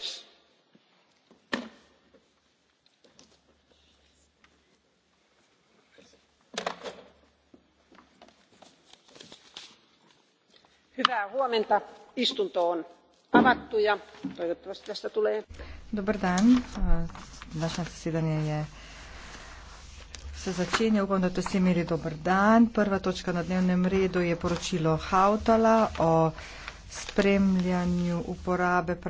señorías hyvää huomenta istunto on avattu ja toivottavasti tästä tulee. dober dan eh, naše zasedanje je se začenja upam da ste vsi imeli dober dan prva točka na dnevnem redu je poročilo hautala o spremljanju uporabe